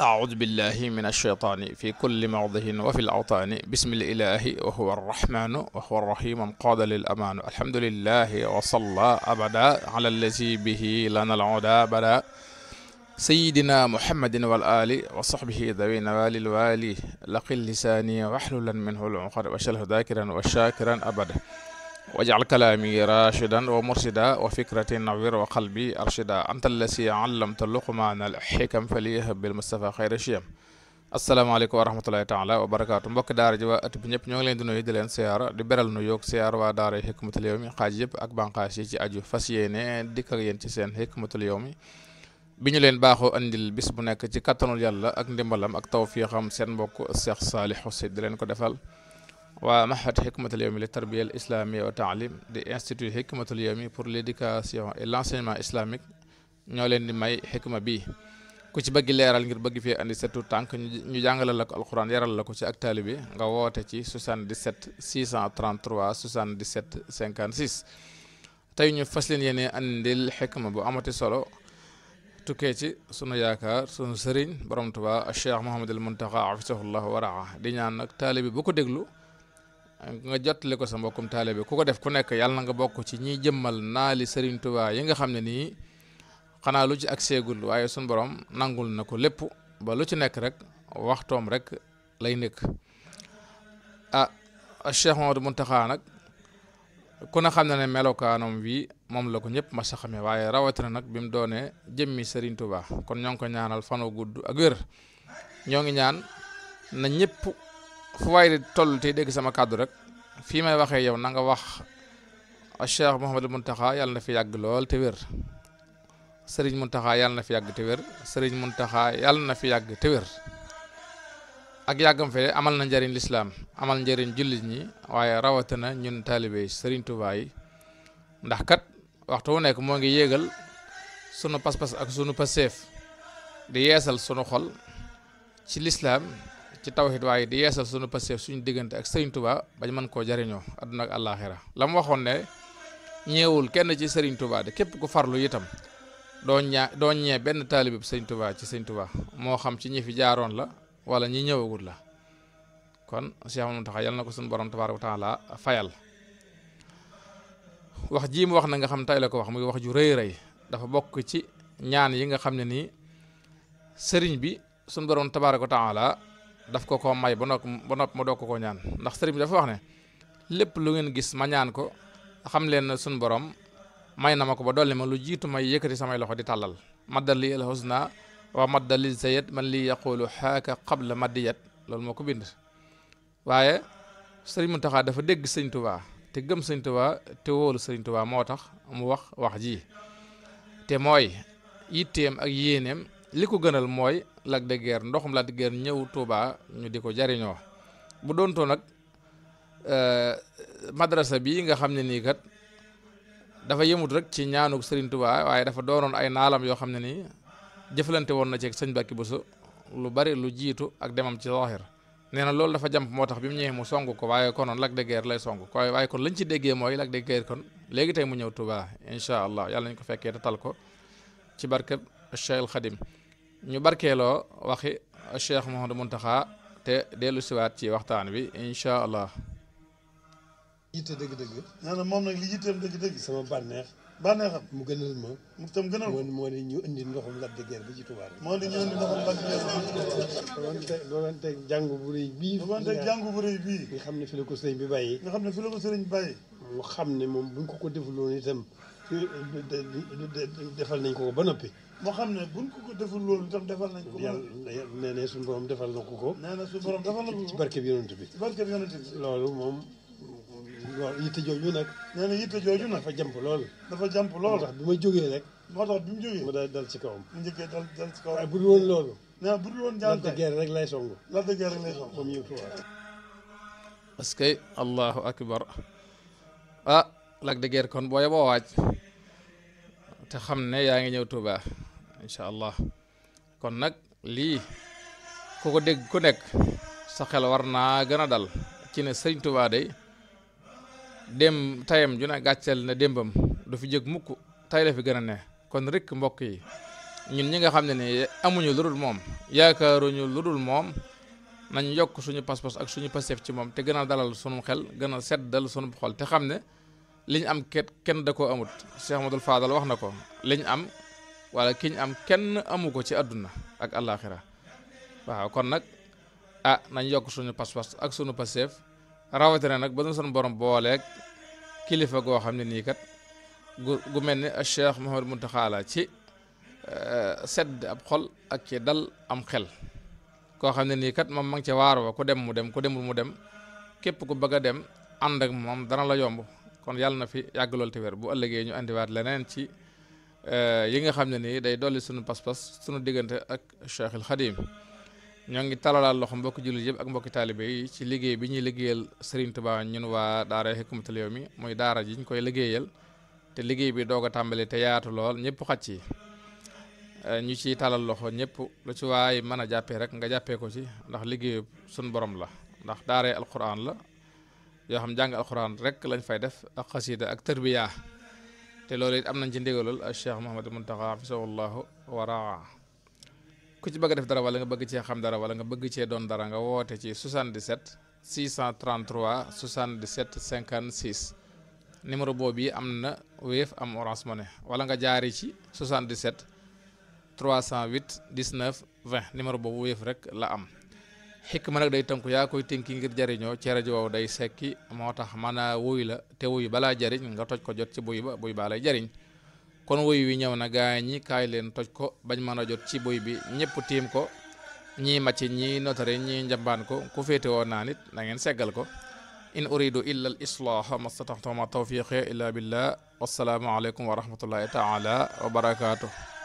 أعوذ بالله من الشيطان في كل موضع وفي الأوطان بسم الإله وهو الرحمن وهو الرحيم قاد للأمان الحمد لله وصلى أبدا على الذي به لنا العدا بدا سيدنا محمد والآل وصحبه ذوي النوال الوالي لقل لساني واحللا منه العقد وشله ذاكرا وشاكرا أبدا wajal kalaami rashidan wa mursida wa fikrati nawir wa qalbi arshida anta allasi allamta ta al xikam faliyah bil mustafa xayra shiyam asalaamaaleykum wa rahmatulahi taala wa barakaatu mbokki daara ji waa at bi ñëpp ñoo ngi leen di nuyu di leen siyaara di beral nu yoog siyaar waa daara yi xikmatul yawmi xaaj yëpp ak banqaas yi ci aju fas yéene dikk yéen ci seen xikmatul yawmi bi ñu leen baaxoo andil bis bu nekk ci kattanul yàlla ak ndimbalam ak tawfiixam seen mbokk Cheikh Salihou Sy di leen ko defal waa mahad hikmatul yawmi li tarbiya al islamia wa taalim di institut hikmatul yawmi pour l' éducation et l' enseignement ñoo leen di may xikma bi ku ci bëgg leeral ngir bëgg fee andi setu tànk ñu jàngalal la ko alxuraan yaral la ko ci ak taalibe nga woote ci 77 633 77 56 tey ñu fas leen yéene andil xikma bu amati solo tukkee ci sunu yaakaar sunu sëriñ borom Tuubaa Cheikh Mouhamadul Muntaxa afisahullah waraa di ñaan nag taalibe bu ko déglu nga jottali ko sa mbokkum taalibe ku ko def ku nekk yàlla na nga bokk ci ñiy jëmmal naali Serigne Touba yi nga xam ne nii xanaa lu ci ak seegul waaye suñu borom nangul na ko lépp ba lu ci nekk rek waxtoom rek lay nekk ah Cheikh Mamadou Mountakha nag ku na xam ne ne melokaanam wi moom la ko ñëpp mas a waaye rawatina nag bi mu doonee jëmmi sëriñ tubaa kon ñoo ko ñaanal fanoo gudd ak wér ñoo ngi ñaan na ñëpp. fu waay di toll tey dégg sama kàddu rek fii may waxee yow nanga nga wax Cheikh Mouhamadou Mountakha yàlla na fi yàgg lool te wér Serigne yàlla na fi yàgg te wér Serigne Mountakha yàlla na fi yàgg te wér ak yàggam fee amal na njariñ lislaam amal njëriñ jullit ñi waaye rawatina ñun taalibe Serigne Touba ndax kat waxtu wu nekk moo ngi yéegal sunu pas-pas ak sunu paseef di yeesal sunu xol ci lislaam ci taw tawxit waaye di yeesal sunu pastéef suñu diggante ak Serigne Touba bañ man koo jariñoo àdduna ak àllaaxira la mu waxoon ne ñeewul kenn ci sëriñ tubaa de képp ku farlu itam doo ñaa doo ñee benn taalibib Serigne Touba ci Serigne moo xam ci ñi fi jaaroon la wala ñi ñëwagul la kon Cheikh Mamadou Taxa yal na ko suñu borom tabaaraka wa taala fayal wax jii mu wax na nga xam tay la ko wax muy wax ju rëy rëy dafa bokk ci ñaan yi nga xam ne nii sëriñ bi suñu borom tabaaraka wa taala daf ko ko may ba noppi ba noppi ma doo ko ko ñaan ndax sëriñ bi dafa wax ne lépp lu ngeen gis ma ñaan ko xam leen ne suñ borom may na ma ko ba dolli ma lu jiitu may yëkkati samay loxo di tàllal maddal li al mat wa maddal li sayet man li yaqulu xaaka qabla yet loolu moo ko bind waaye sëriñ Muntaxa dafa dégg sëñ Tuubaa te gëm sëñ Tuubaa te wóolu sëriñ moo tax mu wax wax ji te mooy yitteem ak yéeneem li ko gënal mooy Lac de Guiers ndoxum Lac de Guiers ñëw Touba ñu di ko jariñoo bu doontoo nag euh, madrasa bi nga xam ne nii kat dafa yëmut rek ci ñaanu Serigne Touba waaye dafa doonoon ay naalam yoo xam ne nii jëflante woon na ci sëñ Bakki Bousso lu bari lu jiitu ak demam ci zahir nee na loolu dafa jàmp moo tax bi mu ñëwee mu song ko waaye konoon Lac de lay song ko waaye kon lañ ci déggee mooy Lac de Guiers kon léegi tey mu ñëw Touba incha allah yàlla nañ ko fekkee te ko ci barkeb Cheikh Khadim ñu barkeeloo waxi Cheikh Mouhamadou Mountakha te dellu siwaat ci waxtaan bi incha allah. yitte dëgg-dëgg. nee na moom nag li yitteem dëgg-dëgg. sama bànneex. bànneexam mu gënal ma. mu tam moo ne ñu indi ndoxum Lac de Guiers bi ci Touba. moo ne ñu indi ndoxum Lac de Guiers bi jàngu bu rëy bii. doonte jàngu bu rëy bii. nga xam ne fi la ko sëriñ bi bàyyi. nga xam ne fi la ko sëriñ bi bàyyi. mu xam ne moom bu ñu ko ko defaloon itam. defal nañ ko ko ba noppi. moo xam ne buñ ko ko deful loolu itam defal nañ ko. yàlla nee na suñu defal na ko ko. nee na suñu borom defal na ko ko ci barke bi bi. ci barke bi yonent bi. loolu moom. loolu yitte jooju nag. nee na yitte jooju nag dafa jàmp lool. dafa jàmp lool ndax bi ma jógee rek. moo tax bi mu jógee. mu daal dal ci kawam. mu njëkkee dal ci kawam. waaye bu dul woon loolu. nee na bu dul woon jàmm rek lay songu. laajte guerre rek lay songu comme yow que allahu akbar ah Lac de Guiers kon booy boo waaj. te xam ne yaa ngi ñëw Touba incha allah kon nag lii ku ko dégg ku nekk sa xel war naa gën a dal ci ne sëñ Touba day dem tayam ju ne gàcceel na démbam du fi jëg mukk tay la fi gën a ne kon rek mbokk yi ñun ñi nga xam ne ni amuñu lu dul moom yaakaaruñu lu dul moom nañ yokk suñu pas-pas ak suñu pasef ci moom te gën a dalal sunu xel gën a seddal sunu xol te xam ne liñ am ket kenn da ko amut Cheikh Amadou Fadal wax na ko liñ am wala kiñ am kenn amu ko ci àdduna ak àllaaxira waaw kon nag a ah, nañ yokk suñu pas-pas ak suñu paseef rawatina nag ba nu seen borom booleeg kilifa goo xam ne nii kat gu gu mel ni Cheikh Mouhamadou Mountakha xaalaa ci eh, sedd ab xol ak ci dal am xel koo xam ne nii kat moom ma ngi ca waar wa ku dem mu dem ku demul mu dem képp ku bëgg a dem ànd ak moom dana la yomb kon yàlla na fi yàgg lool te wér bu ëllëgee ñu indiwaat leneen ci eh, yi nga xam ne nii day dolli suñu pas-pas suñu diggante ak Cheikhul Xadim ñoo ngi talalaal loxo mbokki jullit yëpp ak mbokki taalibe yi ci liggéey bi ñuy liggéeyal Serigne Touba ñun waa daara Hikmatul Yawmi muy daara ji ñu koy liggéeyal te liggéey bi doog a tàmbali te yaatu lool ñëpp xaj ci eh, ñu ciy talal loxo ñëpp lu ci waay mën a jàppee rek nga jàppee ko ci ndax liggéey suñu borom la ndax daaree la yoo xam jàng alxuraan rek lañ fay def ak xasida ak tërbiyaa te loolu it am nañ ci ndigalul Cheikh Mouhamadou Mountakha fisawallahu waraa ku ci bëgg def dara wala nga bëgg cee xam dara wala nga bëgg cee doon dara nga woote ci 77 633 77 56 numéro boobu yi am na Wave am Orange Money wala nga jaari ci 77 308 19 20 numéro boobu Wave rek la am. xikma nag day tënku yaa koy tënki ngir jariñoo ci rajo wow day sekki moo tax mën a wuy la te wuy balaa jariñ nga toj ko jot ci buy ba buy baa lay jariñ kon wuy wi ñëw na gaa ñi kaay leen toj ko bañ mën a jot ci buy bi ñëpp tiim ko ñii màcc ñi notare ñi njambaan ko ku féete woon naa nit na ngeen seggal ko in uridu illa al islaaha mastataxtama tawfiqi illa billah wassalaamu aleykum wa rahmatullahi taala wa barakaatu